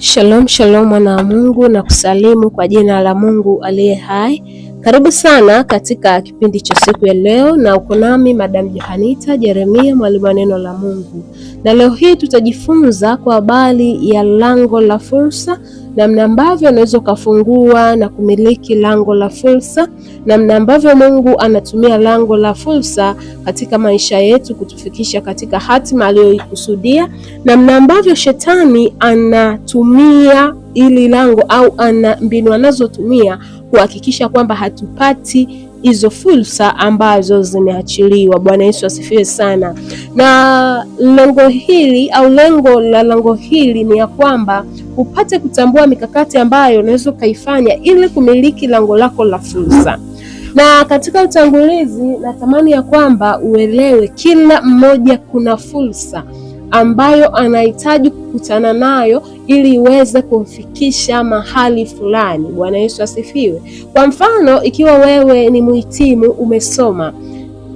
Shalom shalom, mwana wa Mungu na kusalimu kwa jina la Mungu aliye hai. Karibu sana katika kipindi cha siku ya leo, na uko nami Madam Johanita Jeremia, mwalimu wa neno la Mungu, na leo hii tutajifunza kwa habari ya lango la fursa namna ambavyo unaweza ukafungua na kumiliki lango la fursa, namna ambavyo Mungu anatumia lango la fursa katika maisha yetu kutufikisha katika hatima aliyoikusudia, namna ambavyo shetani anatumia ili lango au ana mbinu anazotumia kuhakikisha kwamba hatupati hizo fursa ambazo zimeachiliwa. Bwana Yesu asifiwe sana. Na lengo hili au lengo la lango hili ni ya kwamba upate kutambua mikakati ambayo unaweza ukaifanya ili kumiliki lango lako la fursa. Na katika utangulizi, natamani ya kwamba uelewe kila mmoja kuna fursa ambayo anahitaji kukutana nayo ili iweze kumfikisha mahali fulani. Bwana Yesu asifiwe. Kwa mfano, ikiwa wewe ni mhitimu, umesoma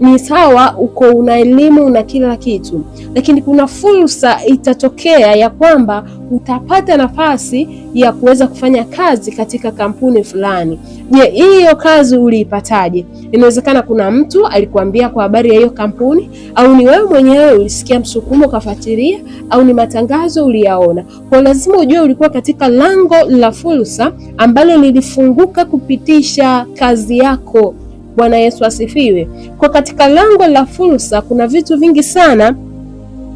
ni sawa, uko una elimu na kila kitu, lakini kuna fursa itatokea ya kwamba utapata nafasi ya kuweza kufanya kazi katika kampuni fulani. Je, hiyo kazi uliipataje? Inawezekana kuna mtu alikuambia kwa habari ya hiyo kampuni, au ni wewe mwenyewe ulisikia msukumo ukafuatilia, au ni matangazo uliyaona. Kwa lazima ujue ulikuwa katika lango la fursa ambalo lilifunguka kupitisha kazi yako. Bwana Yesu asifiwe. Kwa katika lango la fursa kuna vitu vingi sana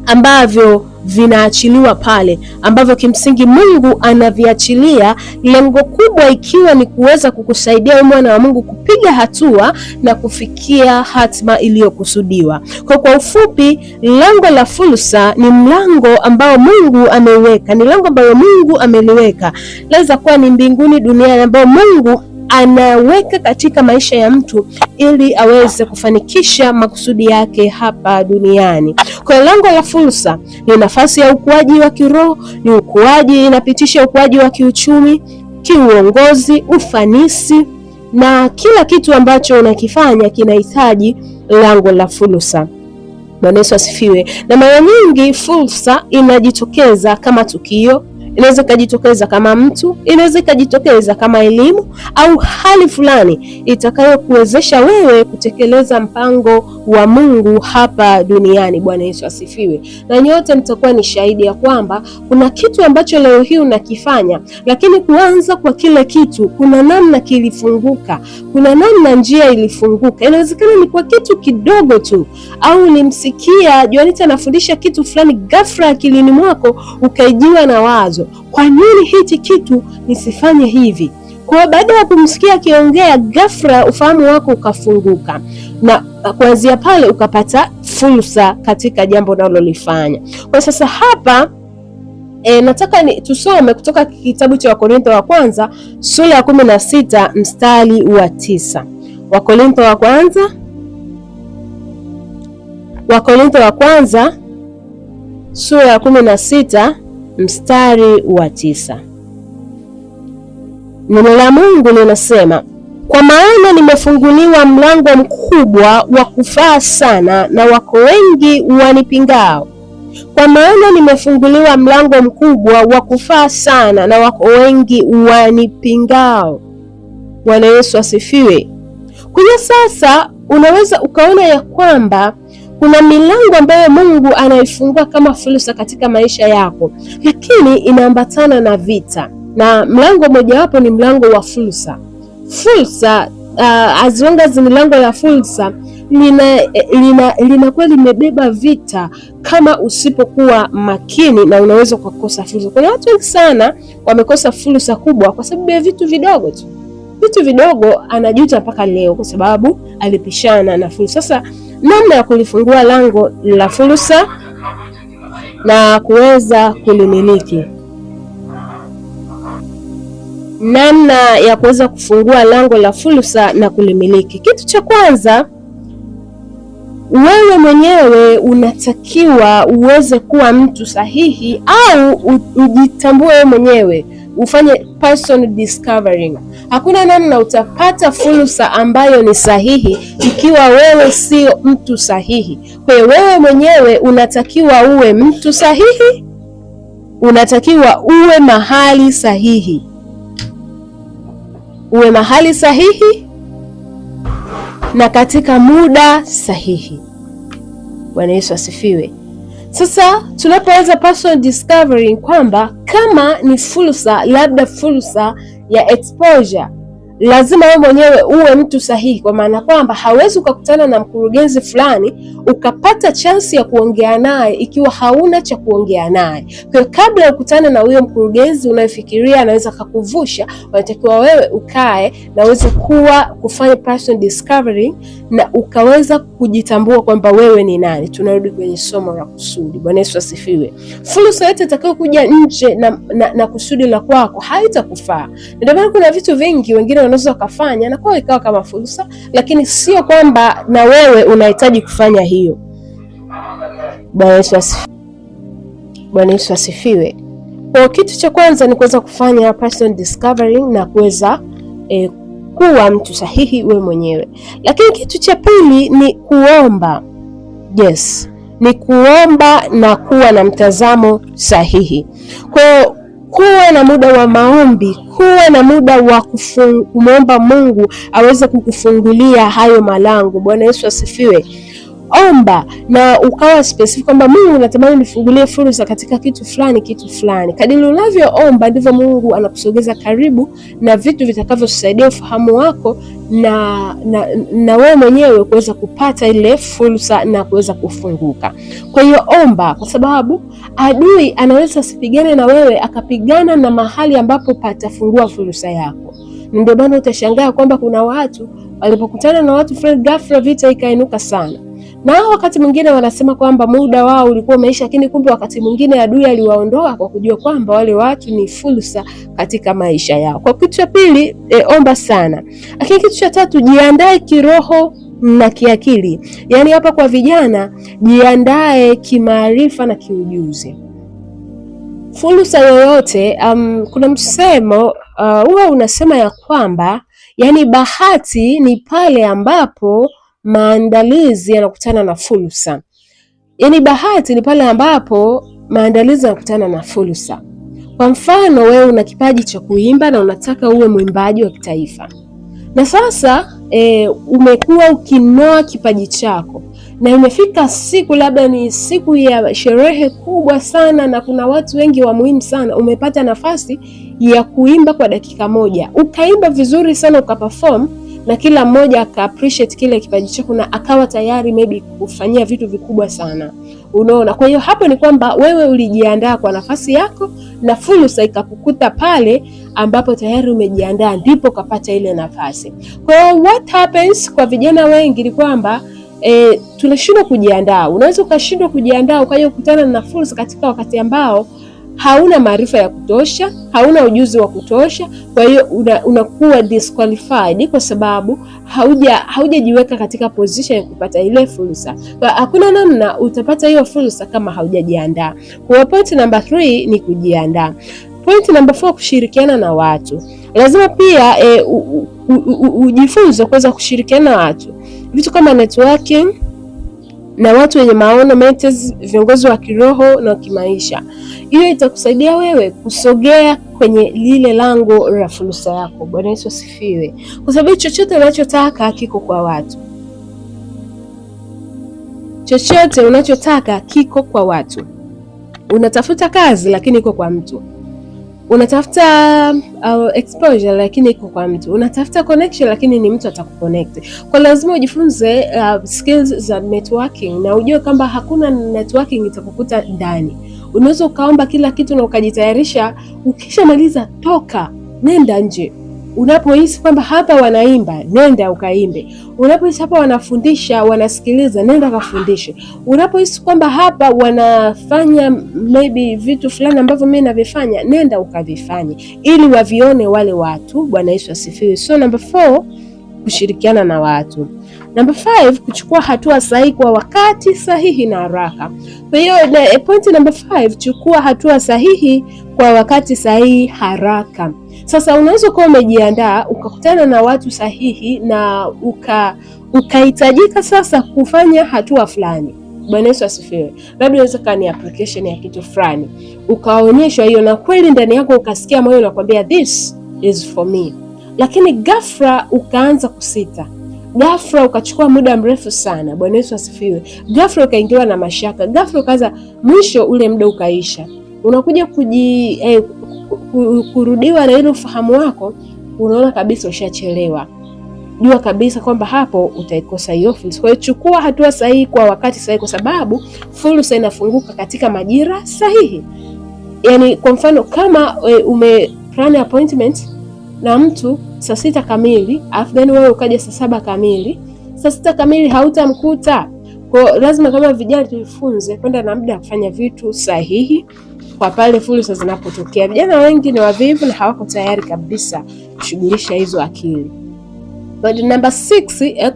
ambavyo vinaachiliwa pale, ambavyo kimsingi Mungu anaviachilia, lengo kubwa ikiwa ni kuweza kukusaidia wewe mwana wa Mungu kupiga hatua na kufikia hatima iliyokusudiwa. Kwa kwa ufupi, lango la fursa ni mlango ambao Mungu ameweka, ni lango ambalo Mungu ameliweka, laweza kuwa ni mbinguni, duniani, ambao Mungu anaweka katika maisha ya mtu ili aweze kufanikisha makusudi yake hapa duniani. Kwa hiyo lango la fursa ni nafasi ya ukuaji wa kiroho, ni ukuaji, inapitisha ukuaji wa kiuchumi, kiuongozi, ufanisi na kila kitu ambacho unakifanya kinahitaji lango la fursa. Bwana Yesu asifiwe. Na mara nyingi fursa inajitokeza kama tukio Inaweza ikajitokeza kama mtu, inaweza ikajitokeza kama elimu au hali fulani itakayokuwezesha wewe kutekeleza mpango wa Mungu hapa duniani. Bwana Yesu asifiwe. Na nyote mtakuwa ni shahidi ya kwamba kuna kitu ambacho leo hii unakifanya, lakini kuanza kwa kile kitu, kuna namna kilifunguka, kuna namna njia ilifunguka. Inawezekana ni kwa kitu kidogo tu, au ulimsikia Juanita anafundisha kitu fulani, ghafla akilini mwako ukaijiwa na wazo kwa nini hichi kitu nisifanye hivi? Kwa baada ya kumsikia akiongea, ghafla ufahamu wako ukafunguka, na uh, kuanzia pale ukapata fursa katika jambo unalolifanya. Kwa sasa hapa E, nataka ni tusome kutoka kitabu cha Wakorintho wa kwanza sura ya kumi na sita mstari wa tisa. Wakorintho wa kwanza, Wakorintho wa kwanza sura ya kumi na sita mstari wa tisa. Neno la Mungu linasema kwa maana nimefunguliwa mlango mkubwa wa kufaa sana, na wako wengi wanipingao. Kwa maana nimefunguliwa mlango mkubwa wa kufaa sana, na wako wengi wanipingao. Bwana Yesu asifiwe. Kwa hiyo sasa unaweza ukaona ya kwamba kuna milango ambayo Mungu anaifungua kama fursa katika maisha yako, lakini inaambatana na vita, na mlango mojawapo ni mlango wa fursa. Fursa uh, as long as milango ya la fursa linakuwa lina, lina limebeba vita kama usipokuwa makini, na unaweza ukakosa fursa. Kuna watu wengi sana wamekosa fursa kubwa kwa sababu ya vitu vidogo tu, vitu vidogo, anajuta mpaka leo kwa sababu alipishana na fursa. Sasa namna ya kulifungua lango la fursa na kuweza kulimiliki, namna ya kuweza kufungua lango la fursa na kulimiliki. Kitu cha kwanza, wewe mwenyewe unatakiwa uweze kuwa mtu sahihi au ujitambue wewe mwenyewe ufanye person discovering. Hakuna namna utapata fursa ambayo ni sahihi ikiwa wewe sio mtu sahihi. Kwa hiyo wewe mwenyewe unatakiwa uwe mtu sahihi, unatakiwa uwe mahali sahihi, uwe mahali sahihi na katika muda sahihi. Bwana Yesu asifiwe. Sasa tunapoweza personal discovery kwamba kama ni fursa, labda fursa ya exposure lazima wewe mwenyewe uwe mtu sahihi, kwa maana kwamba hawezi ukakutana na mkurugenzi fulani ukapata chansi ya kuongea naye ikiwa hauna cha kuongea naye. Kwa hiyo kabla ya ukutane na huyo mkurugenzi unayefikiria anaweza kakuvusha, unatakiwa wewe ukae na uweze kuwa kufanya personal discovery na ukaweza kujitambua kwamba wewe ni nani. Tunarudi kwenye somo la kusudi. Bwana Yesu asifiwe. Fursa yote itakayokuja nje na, na, na kusudi la kwako haitakufaa, ndio maana kuna vitu vingi wengine unaweza ukafanya na kwa ikawa kama fursa, lakini sio kwamba na wewe unahitaji kufanya hiyo. Bwana Yesu asifiwe. Bwana Yesu asifiwe. Kwa kitu cha kwanza ni kuweza kufanya personal discovery na kuweza eh, kuwa mtu sahihi we mwenyewe, lakini kitu cha pili ni kuomba. Yes, ni kuomba na kuwa na mtazamo sahihi. Kwa kuwa na muda wa maombi, kuwa na muda wa kumwomba Mungu aweze kukufungulia hayo malango. Bwana Yesu asifiwe. Omba na ukawa specific kwamba Mungu, natamani nifungulie fursa katika kitu fulani, kitu fulani. Kadiri unavyoomba ndivyo Mungu anakusogeza karibu na vitu vitakavyosaidia ufahamu wako na, na, na wewe mwenyewe kuweza kupata ile fursa na kuweza kufunguka. Kwa hiyo omba, kwa sababu adui anaweza asipigane na wewe akapigana na mahali ambapo patafungua fursa yako. Ndio maana utashangaa kwamba kuna watu walipokutana na watu fulani, ghafla vita ikainuka sana na hao wakati mwingine wanasema kwamba muda wao ulikuwa umeisha, lakini kumbe wakati mwingine adui aliwaondoa kwa kujua kwamba wale watu ni fursa katika maisha yao. Kwa kitu cha pili, e, omba sana. Lakini kitu cha tatu, jiandae kiroho na kiakili. Yaani hapa kwa vijana, jiandae kimaarifa na kiujuzi. Fursa yoyote um, kuna msemo uh, huwa uh, unasema ya kwamba yani bahati ni pale ambapo maandalizi yanakutana na fursa. Yaani bahati ni pale ambapo maandalizi yanakutana na fursa. Kwa mfano, wewe una kipaji cha kuimba na unataka uwe mwimbaji wa kitaifa, na sasa e, umekuwa ukinoa kipaji chako na imefika siku labda ni siku ya sherehe kubwa sana na kuna watu wengi wa muhimu sana, umepata nafasi ya kuimba kwa dakika moja, ukaimba vizuri sana ukaperform na kila mmoja aka appreciate kile kipaji chako na akawa tayari maybe kufanyia vitu vikubwa sana. Unaona, kwa hiyo hapo ni kwamba wewe ulijiandaa kwa nafasi yako na fursa ikakukuta pale ambapo tayari umejiandaa, ndipo kapata ile nafasi. Kwa hiyo what happens kwa vijana wengi ni kwamba e, tunashindwa kujiandaa. Unaweza ukashindwa kujiandaa ukaja kukutana na fursa katika wakati ambao hauna maarifa ya kutosha, hauna ujuzi wa kutosha. Kwa hiyo unakuwa una disqualified kwa sababu hauja haujajiweka katika position ya kupata ile fursa. Hakuna namna utapata hiyo fursa kama haujajiandaa. Kwa point number 3 ni kujiandaa. Point number 4 kushirikiana na watu. Lazima pia e, ujifunze kuweza kushirikiana na watu, vitu kama networking na watu wenye maono mentors, viongozi wa kiroho na kimaisha. Hiyo itakusaidia wewe kusogea kwenye lile lango la fursa yako. Bwana Yesu asifiwe, kwa sababu chochote unachotaka kiko kwa watu chochote unachotaka kiko kwa watu. Unatafuta kazi lakini iko kwa mtu unatafuta uh, exposure lakini iko kwa mtu, unatafuta connection lakini ni mtu atakuconnect. kwa. Lazima ujifunze uh, skills za networking na ujue kwamba hakuna networking itakukuta ndani. Unaweza ukaomba kila kitu na ukajitayarisha, ukishamaliza toka, nenda nje. Unapohisi kwamba hapa wanaimba, nenda ukaimbe. Unapohisi hapa wanafundisha, wanasikiliza, nenda kafundishe. Unapohisi kwamba hapa wanafanya maybe vitu fulani ambavyo mimi navifanya, nenda ukavifanye, ili wavione wale watu. Bwana Yesu asifiwe. So number 4 kushirikiana na watu. Namba 5, kuchukua hatua sahihi kwa wakati sahihi na haraka. Kwa hiyo point namba 5, chukua hatua sahihi kwa wakati sahihi haraka. Sasa unaweza kuwa umejiandaa ukakutana na watu sahihi na uka ukahitajika sasa kufanya hatua fulani. Bwana Yesu asifiwe. Labda inaweza kuwa ni application ya kitu fulani, ukaonyeshwa hiyo na kweli ndani yako ukasikia moyo unakwambia this is for me lakini ghafla ukaanza kusita, ghafla ukachukua muda mrefu sana. Bwana Yesu asifiwe. Ghafla ukaingiwa na mashaka, ghafla ukaanza, mwisho ule muda ukaisha, unakuja kuji eh, kurudiwa na ile ufahamu wako, unaona kabisa ushachelewa. Jua kabisa kwamba hapo utaikosa hiyo fursa. Kwa hiyo chukua hatua sahihi kwa wakati sahihi, kwa sababu fursa inafunguka katika majira sahihi. Yani, kwa mfano kama eh, ume plan appointment na mtu saa sita kamili alafu then wewe ukaja saa saba kamili, saa sita kamili hautamkuta. Kwa lazima kama vijana tujifunze kwenda na muda kufanya vitu sahihi kwa pale fursa zinapotokea. Vijana wengi ni wavivu na hawako tayari kabisa kushughulisha hizo akili. But number six, eh,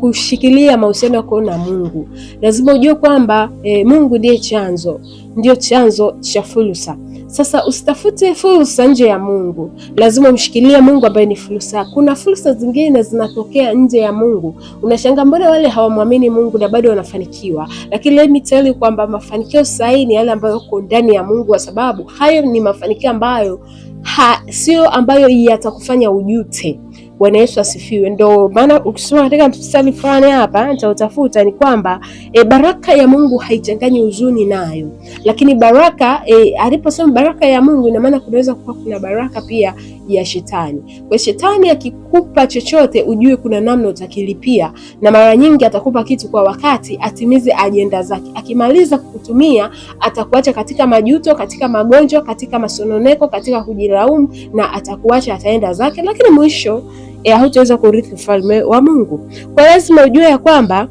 kushikilia mahusiano yako na Mungu. Lazima ujue kwamba eh, Mungu ndiye chanzo, ndio chanzo cha fursa. Sasa usitafute fursa nje ya Mungu, lazima umshikilie Mungu ambaye ni fursa. Kuna fursa zingine zinatokea nje ya Mungu. Unashangaa mbona wale hawamwamini Mungu na bado wanafanikiwa, lakini let me tell you kwamba mafanikio sahihi ni yale ambayo yako ndani ya Mungu, kwa sababu hayo ni mafanikio ambayo ha, sio ambayo yatakufanya ujute Bwana Yesu asifiwe. Ndo maana ukisoma katika mstari fulani hapa utafuta ni kwamba e, baraka ya Mungu haichanganyi huzuni nayo, lakini baraka e, aliposema baraka ya Mungu, ina maana kunaweza kuwa kuna baraka pia ya shetani. Kwa shetani akikupa chochote, ujue kuna namna utakilipia, na mara nyingi atakupa kitu kwa wakati atimize ajenda zake. Akimaliza kukutumia, atakuacha katika majuto, katika magonjwa, katika masononeko, katika kujilaumu, na atakuacha ataenda zake, lakini mwisho ya e, hutaweza kurithi ufalme wa Mungu. Kwa lazima ujue ya kwamba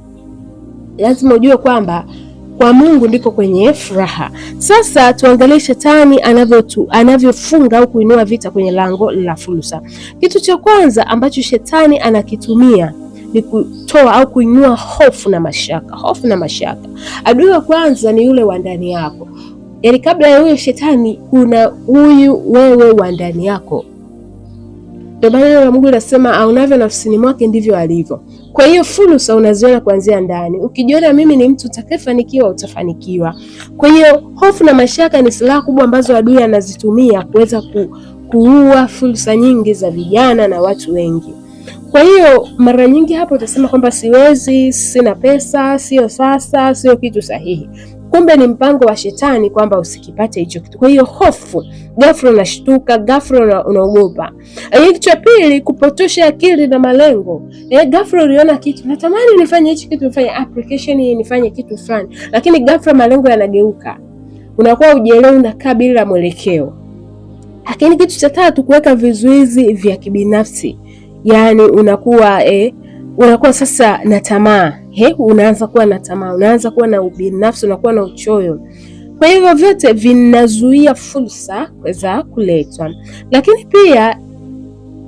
lazima ujue kwamba kwa Mungu ndiko kwenye furaha. Sasa tuangalie shetani anavyotu anavyofunga au kuinua vita kwenye lango la fursa. Kitu cha kwanza ambacho shetani anakitumia ni kutoa au kuinua hofu na mashaka. Hofu na mashaka, adui wa kwanza ni yule wa ndani yako, yaani kabla ya huyo shetani kuna huyu wewe wa ndani yako ndio maana neno la Mungu linasema aunavyo nafsini mwake ndivyo alivyo. Kwa hiyo fursa unaziona kuanzia ndani. Ukijiona mimi ni mtu utakayefanikiwa, utafanikiwa. Kwa hiyo hofu na mashaka ni silaha kubwa ambazo adui anazitumia kuweza ku, kuua fursa nyingi za vijana na watu wengi. Kwa hiyo mara nyingi hapo utasema kwamba siwezi, sina pesa, sio sasa, sio kitu sahihi kumbe ni mpango wa shetani kwamba usikipate hicho kitu. Kwa hiyo hofu, ghafla unashtuka, ghafla unaogopa. Lakini kitu cha pili, kupotosha akili na malengo. Eh, ghafla uliona kitu, natamani nifanye hichi kitu, nifanye application hii, nifanye kitu fulani, lakini ghafla malengo yanageuka, unakuwa ujielewi, unakaa bila mwelekeo. Lakini kitu cha tatu, kuweka vizuizi vya kibinafsi, yaani unakuwa eh, unakuwa sasa na tamaa he, unaanza kuwa na tamaa, unaanza kuwa na ubinafsi, unakuwa na uchoyo. Kwa hivyo vyote vinazuia fursa za kuletwa. Lakini pia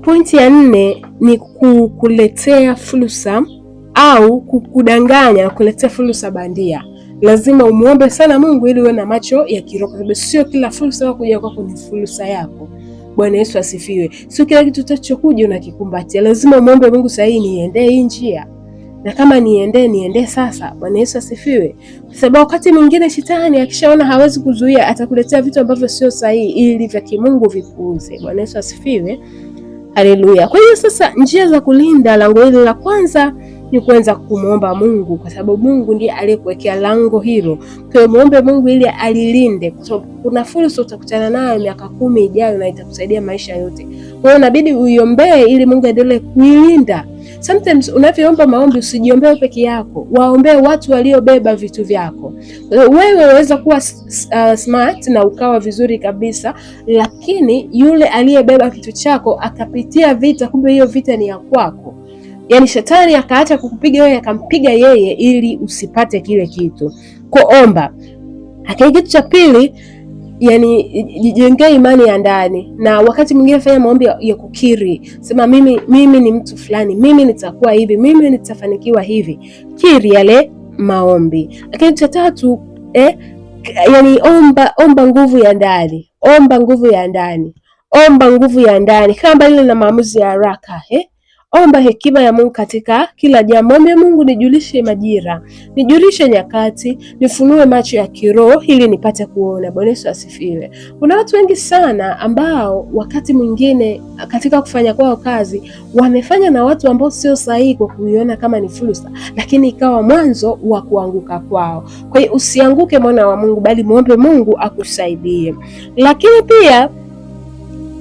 pointi ya nne ni kukuletea fursa au kukudanganya, kuletea fursa bandia. Lazima umuombe sana Mungu ili uwe na macho ya kiroho, kwa sababu sio kila fursa kuja kwako ni fursa yako. Bwana Yesu asifiwe. Sio kila kitu tachokuja unakikumbatia, lazima umuombe Mungu, sahihi niendee hii njia na kama niende niende sasa. Bwana Yesu asifiwe. Kwa sababu wakati mwingine shetani akishaona hawezi kuzuia, atakuletea vitu ambavyo sio sahihi ili vya kimungu vipuuze. Bwana Yesu asifiwe. Haleluya. Kwa hiyo sasa, njia za kulinda lango hili la kwanza ni kuanza kumwomba Mungu, kwa sababu Mungu ndiye aliyekuwekea lango hilo. Kwa hiyo muombe Mungu ili alilinde, kwa sababu kuna fursa utakutana nayo miaka kumi ijayo na itakusaidia maisha yote. Kwa hiyo inabidi uiombee ili Mungu aendelee kuilinda. Sometimes unavyoomba maombi usijiombee peke yako, waombee watu waliobeba vitu vyako. Wewe unaweza kuwa uh, smart na ukawa vizuri kabisa, lakini yule aliyebeba kitu chako akapitia vita, kumbe hiyo vita ni ya kwako yani shetani akaacha kukupiga wewe akampiga yeye ili usipate kile kitu. Kuomba. Lakini kitu cha pili yani jijengee imani ya ndani, na wakati mwingine fanya maombi ya kukiri, sema mimi, mimi ni mtu fulani, mimi nitakuwa hivi, mimi nitafanikiwa hivi. Kiri yale maombi. Lakini cha tatu eh, yani omba, omba nguvu ya ndani, omba nguvu ya ndani, omba nguvu ya ndani, kama ile na maamuzi ya haraka eh? Omba hekima ya Mungu katika kila jambo. Mwambie Mungu, nijulishe majira, nijulishe nyakati, nifunue macho ya kiroho ili nipate kuona. Bwana Yesu asifiwe. Kuna watu wengi sana ambao wakati mwingine katika kufanya kwao kazi wamefanya na watu ambao sio sahihi kwa kuiona kama ni fursa, lakini ikawa mwanzo wa kuanguka kwao. Kwa hiyo usianguke, mwana wa Mungu, bali muombe Mungu akusaidie. Lakini pia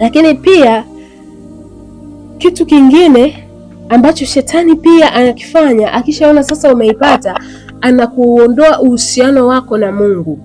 lakini pia kitu kingine ambacho shetani pia anakifanya, akishaona sasa umeipata, anakuondoa uhusiano wako na Mungu.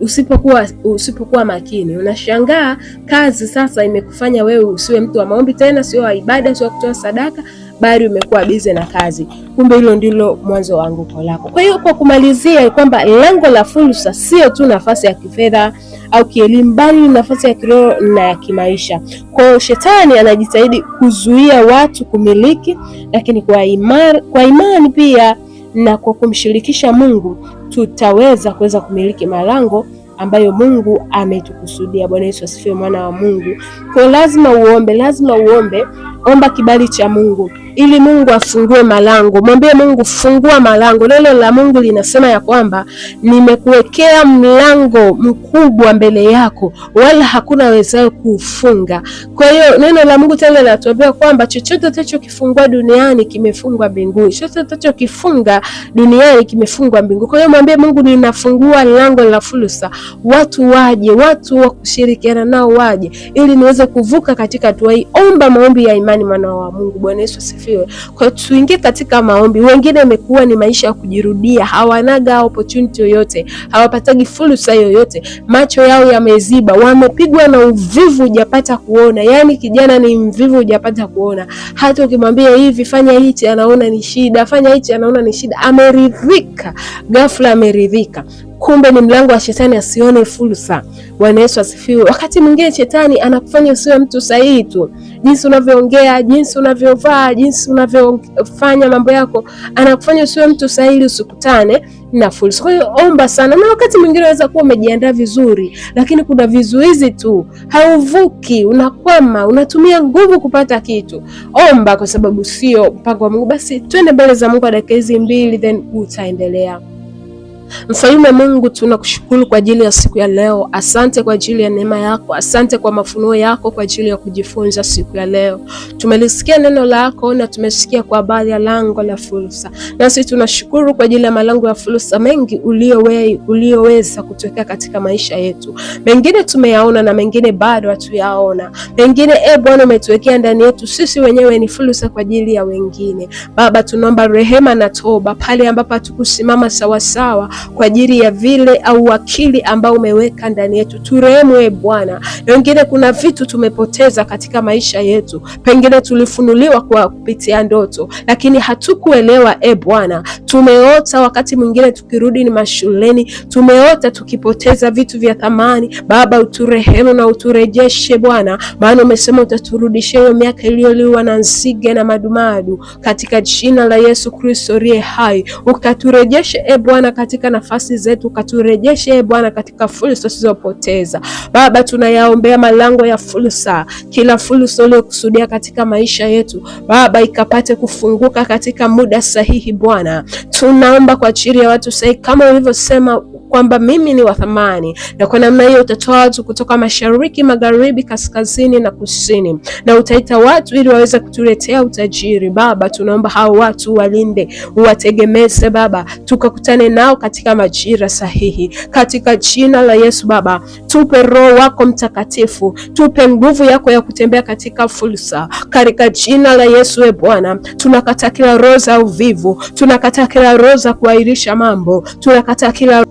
Usipokuwa usipokuwa makini, unashangaa kazi sasa imekufanya wewe usiwe mtu wa maombi tena, sio wa ibada, sio wa kutoa sadaka bali umekuwa bize na kazi. Kumbe hilo ndilo mwanzo wa anguko lako. Kwa hiyo kwa kumalizia, kwamba lango la fursa sio tu nafasi ya kifedha au kielimu, bali ni nafasi ya kiroho na ya kimaisha. Kwa hiyo shetani anajitahidi kuzuia watu kumiliki, lakini kwa imani, kwa imani pia na kwa kumshirikisha Mungu tutaweza kuweza kumiliki malango ambayo Mungu ametukusudia. Bwana Yesu asifiwe, mwana wa Mungu. Kwa lazima uombe, lazima uombe omba kibali cha Mungu ili Mungu afungue malango. Mwambie Mungu, fungua malango. Neno la Mungu linasema ya kwamba nimekuwekea mlango mkubwa mbele yako, wala hakuna wezayo kuufunga. Kwa hiyo neno la Mungu tena linatuambia kwamba chochote utachokifungua duniani kimefungwa mbinguni, chochote utachokifunga duniani kimefungwa mbinguni. Kwa hiyo mwambie Mungu, ninafungua lango la fursa, watu waje, watu wa kushirikiana nao waje, ili niweze kuvuka katika hatua hii. Omba maombi ya imani maana mwana wa Mungu. Bwana Yesu asifiwe. Kwa hiyo tuingie katika maombi. Wengine imekuwa ni maisha ya kujirudia, hawanaga opportunity yoyote, hawapatagi fursa yoyote, macho yao yameziba, wamepigwa na uvivu, hujapata kuona. Yaani kijana ni mvivu, hujapata kuona. Hata ukimwambia hivi, fanya hichi, anaona ni shida, fanya hichi, anaona ni shida. Ameridhika ghafla, ameridhika Kumbe ni mlango wa shetani asione fursa. Bwana Yesu asifiwe. Wakati mwingine shetani anakufanya usiwe mtu sahihi tu jinsi unavyoongea, jinsi unavyovaa, jinsi unavyofanya mambo yako, anakufanya usiwe mtu sahihi, usikutane na fursa. Kwa hiyo omba sana, na wakati mwingine unaweza kuwa umejiandaa vizuri, lakini kuna vizuizi tu, hauvuki, unakwama, unatumia nguvu kupata kitu. Omba, kwa sababu sio mpango wa Mungu. Basi twende mbele za Mungu dakika hizi mbili, then utaendelea. Mfalme Mungu, tunakushukuru kwa ajili ya siku ya leo. Asante kwa ajili ya neema yako, asante kwa mafunuo yako kwa ajili ya kujifunza siku ya leo. Tumelisikia neno lako na tumesikia kwa habari ya lango la fursa, nasi tunashukuru kwa ajili ya malango ya fursa mengi uliowe, ulioweza kutokea katika maisha yetu. Mengine tumeyaona na mengine bado hatuyaona. Mengine e Bwana umetuwekea ndani yetu sisi wenyewe ni fursa kwa ajili ya wengine. Baba, tunaomba rehema na toba pale ambapo hatukusimama sawasawa kwa ajili ya vile au akili ambao umeweka ndani yetu. Turehemu e Bwana. Wengine kuna vitu tumepoteza katika maisha yetu, pengine tulifunuliwa kwa kupitia ndoto, lakini hatukuelewa e Bwana. Tumeota wakati mwingine tukirudi ni mashuleni, tumeota tukipoteza vitu vya thamani. Baba, uturehemu na uturejeshe Bwana, maana umesema utaturudishia hiyo miaka iliyoliwa na nzige na madumadu, katika jina la Yesu Kristo aliye hai, ukaturejeshe e Bwana katika katika nafasi zetu, katurejeshe Bwana katika fursa tulizopoteza. Baba, tunayaombea malango ya fursa, kila fursa uliyokusudia katika maisha yetu Baba ikapate kufunguka katika muda sahihi. Bwana, tunaomba kwa ajili ya watu sahihi kama ulivyosema kwamba mimi ni wa thamani, na kwa namna hiyo utatoa watu kutoka mashariki, magharibi, kaskazini na kusini, na utaita watu ili waweze kutuletea utajiri. Baba, tunaomba hao watu walinde, uwategemeze Baba, tukakutane nao katika majira sahihi, katika jina la Yesu. Baba, tupe Roho wako Mtakatifu, tupe nguvu yako ya kutembea katika fursa, katika jina la Yesu. E Bwana, tunakata kila roho za uvivu, tunakata kila roho za kuahirisha mambo, tunakata kila